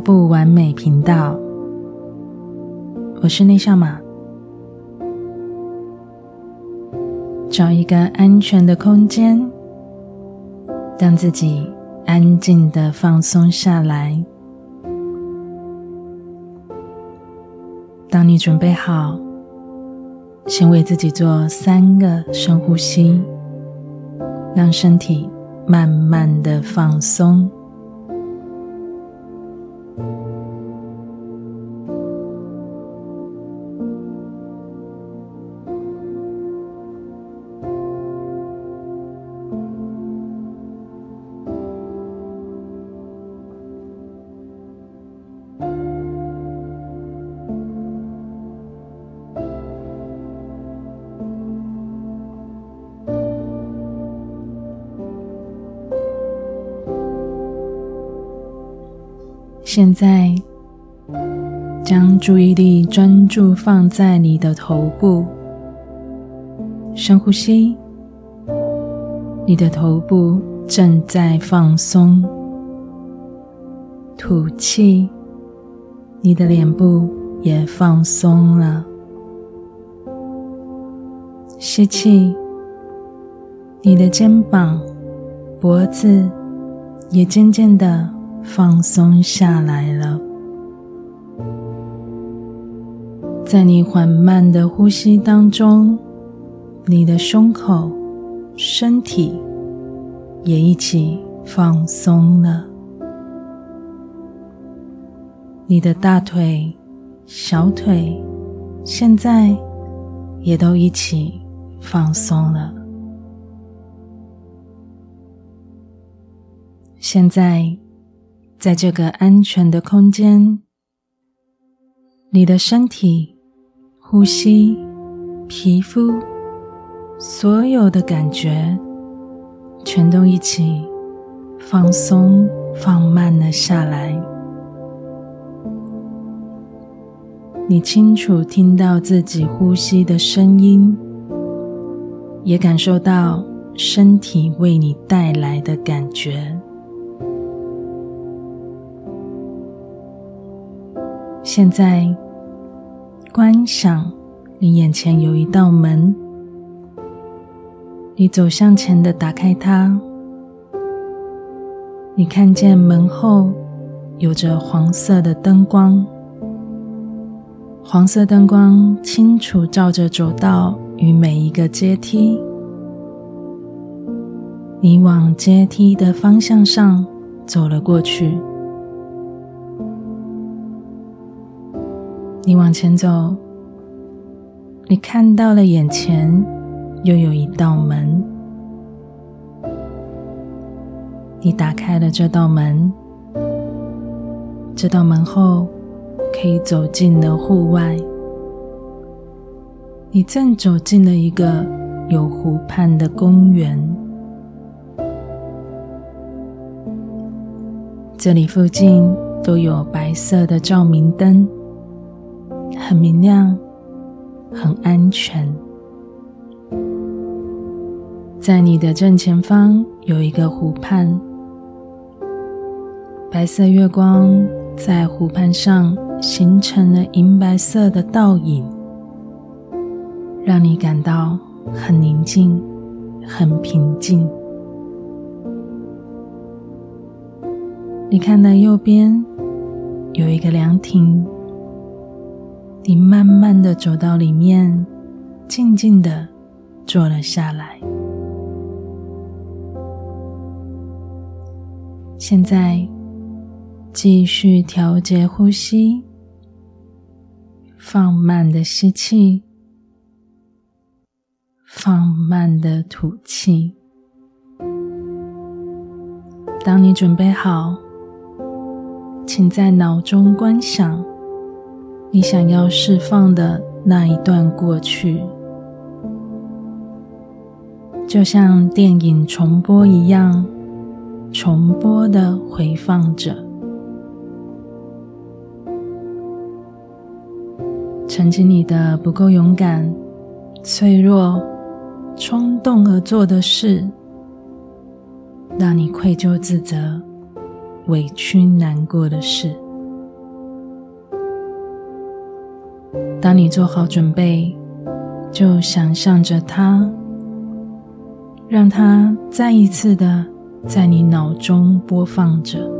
不完美頻道，我是內夏瑪。找一個安全的空間，讓自己安靜地放鬆下來。當你準備好，先為自己做三個深呼吸，讓身體慢慢的放鬆。現在，將注意力專注放在你的頭部。深呼吸，你的頭部正在放鬆。吐氣，你的臉部也放鬆了。吸氣，你的肩膀、脖子也漸漸地。放鬆下來了，在你緩慢的呼吸當中，你的胸口、身體也一起放鬆了，你的大腿、小腿現在也都一起放鬆了，現在。在這個安全的空間，你的身體、呼吸、皮膚，所有的感覺，全都一起放鬆、放慢了下來。你清楚聽到自己呼吸的聲音，也感受到身體為你帶來的感覺。現在，觀想你眼前有一道門，你走向前的打開它，你看見門後有着黃色的燈光，黃色燈光清楚照着走道與每一個階梯，你往階梯的方向上走了過去。你往前走，你看到了眼前又有一道門。你打開了這道門，這道門後可以走進了戶外。你正走進了一個有湖畔的公園。這裡附近都有白色的照明燈。很明亮，很安全。在你的正前方有一個湖畔，白色月光在湖畔上形成了銀白色的倒影，讓你感到很寧靜、很平靜。你看到右邊有一個涼亭。你慢慢的走到裡面，靜靜的坐了下來。現在繼續調節呼吸，放慢的吸氣，放慢的吐氣。當你準備好，請在腦中觀想。你想要釋放的那一段過去，就像電影重播一樣，重播的回放着，曾經你的不夠勇敢、脆弱、衝動而做的事，讓你愧疚自責、委屈難過的事。當你做好準備，就想象着它，讓它再一次的在你腦中播放着。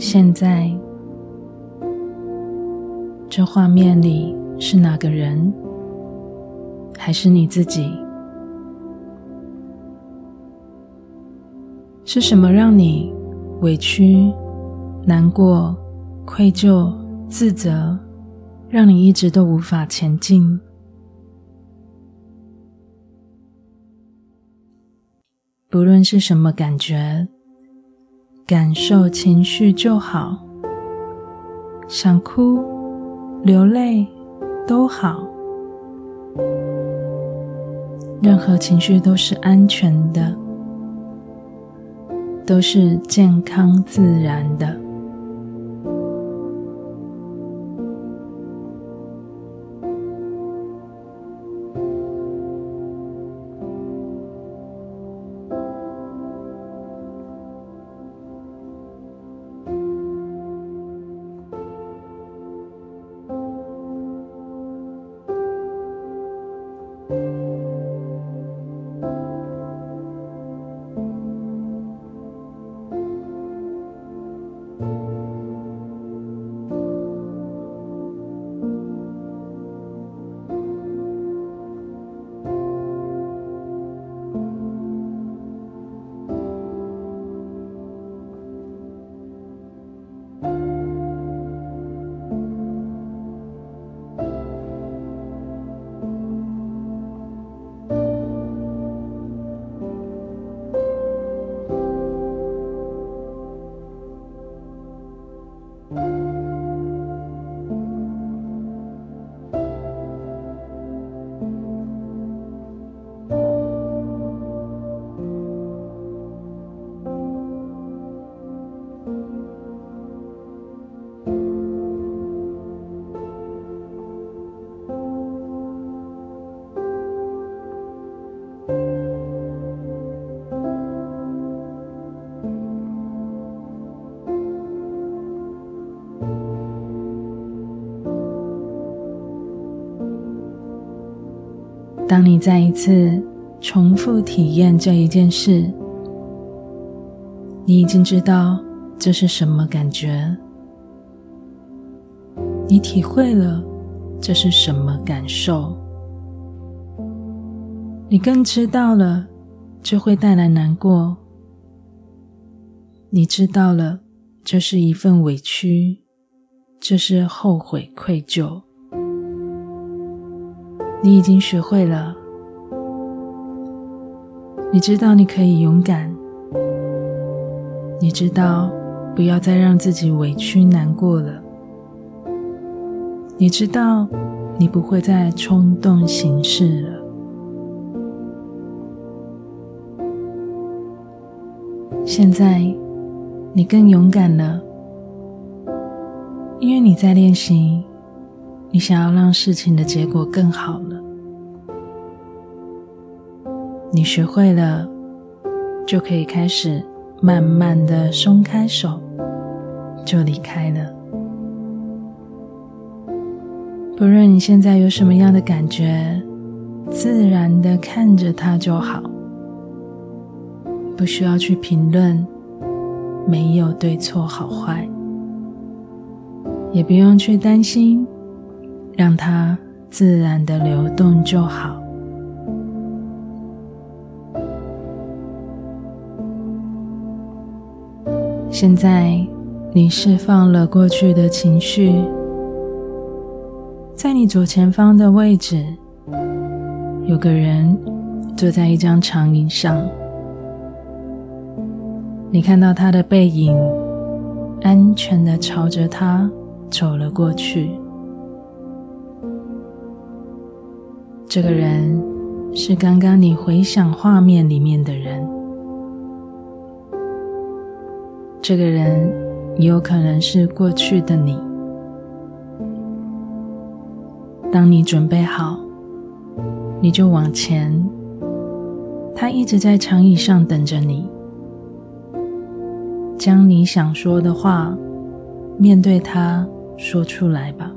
現在，這畫面裡是哪個人？還是你自己？是什麼讓你委屈、難過、愧疚、自責，讓你一直都無法前進？不論是什麼感覺。感受情緒就好，想哭流淚都好，任何情緒都是安全的，都是健康自然的。當你再一次重複體驗這一件事，你已經知道這是什麼感覺，你體會了這是什麼感受，你更知道了這會帶來難過，你知道了這是一份委屈，這是後悔、愧疚。你已經學會了，你知道你可以勇敢，你知道不要再讓自己委屈難過了，你知道你不會再衝動行事了。現在，你更勇敢了，因為你在練習。你想要讓事情的結果更好了，你學會了，就可以開始慢慢的鬆開手，就離開了。不論你現在有什麼樣的感覺，自然的看着它就好，不需要去評論，沒有對錯好壞，也不用去擔心。讓它自然的流動就好。現在你釋放了過去的情緒，在你左前方的位置，有個人坐在一張長椅上，你看到他的背影，安全的朝着他走了過去。這個人是剛剛你回想畫面裡面的人，這個人也有可能是過去的你。當你準備好，你就往前。他一直在長椅上等着你，將你想說的話面對他說出來吧。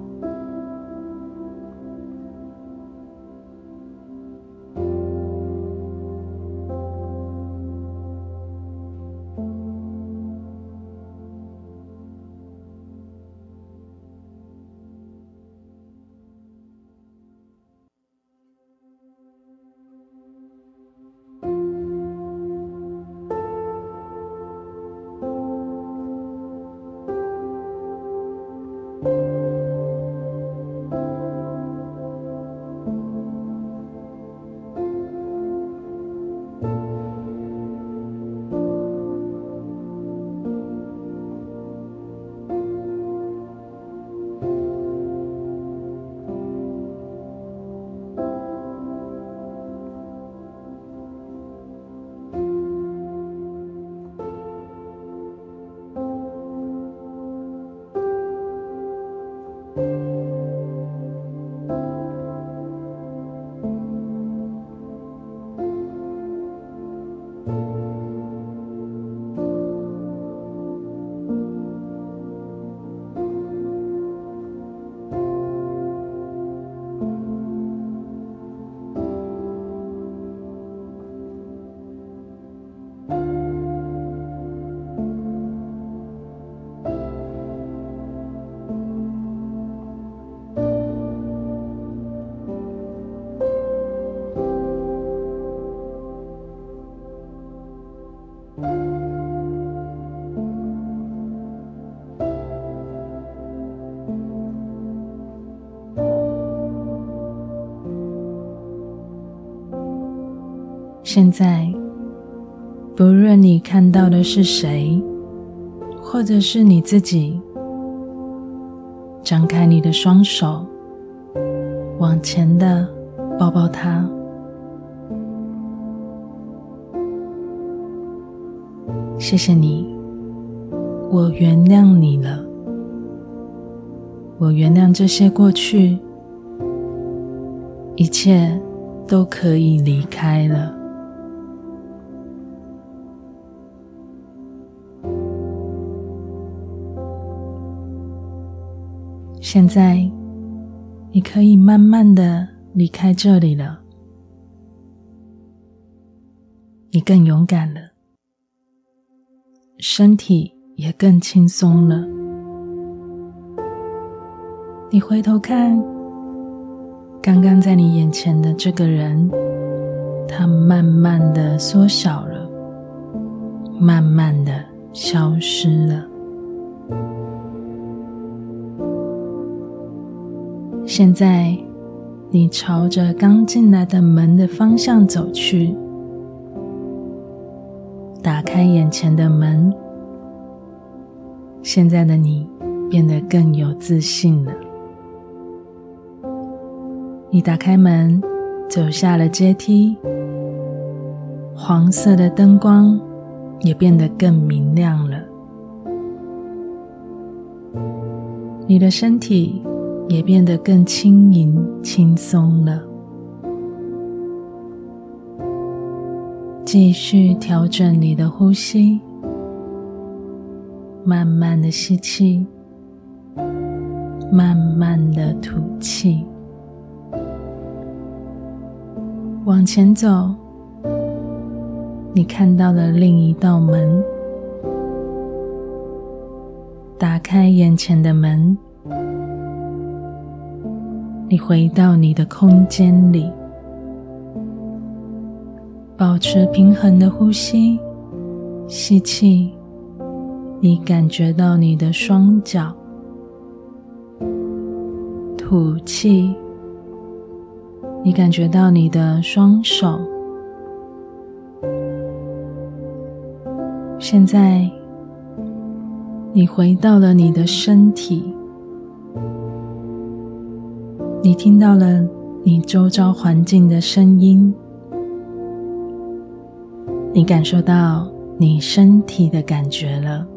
現在，不論你看到的是誰，或者是你自己，張開你的雙手，往前的抱抱他。謝謝你，我原諒你了，我原諒這些過去，一切都可以離開了。現在，你可以慢慢的離開這裡了。你更勇敢了，身體也更輕鬆了。你回頭看，剛剛在你眼前的這個人，他慢慢的縮小了，慢慢的消失了。現在，你朝着剛進來的門的方向走去，打開眼前的門，現在的你變得更有自信了。你打開門，走下了階梯，黃色的燈光也變得更明亮了。你的身體，也變得更輕盈、輕鬆了。繼續調整你的呼吸，慢慢的吸氣，慢慢的吐氣。往前走，你看到了另一道門，打開眼前的門。你回到你的空間裡，保持平衡的呼吸。吸氣，你感覺到你的雙腳；吐氣，你感覺到你的雙手。現在，你回到了你的身體。你聽到了你周遭環境的聲音，你感受到你身體的感覺了。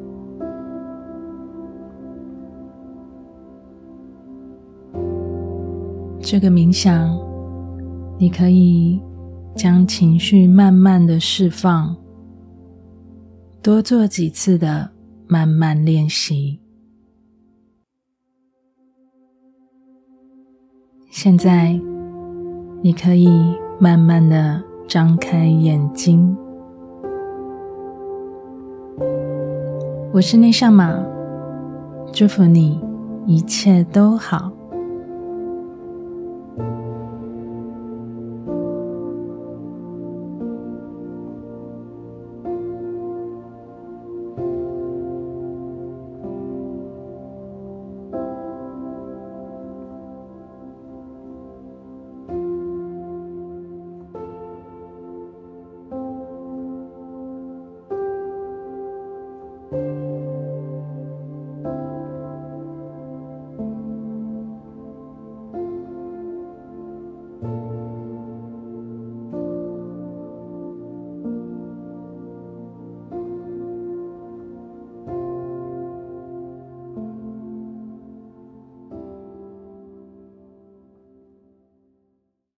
這個冥想，你可以將情緒慢慢的釋放，多做幾次的慢慢練習。現在，你可以慢慢的張開眼睛。我是內夏瑪，祝福你，一切都好。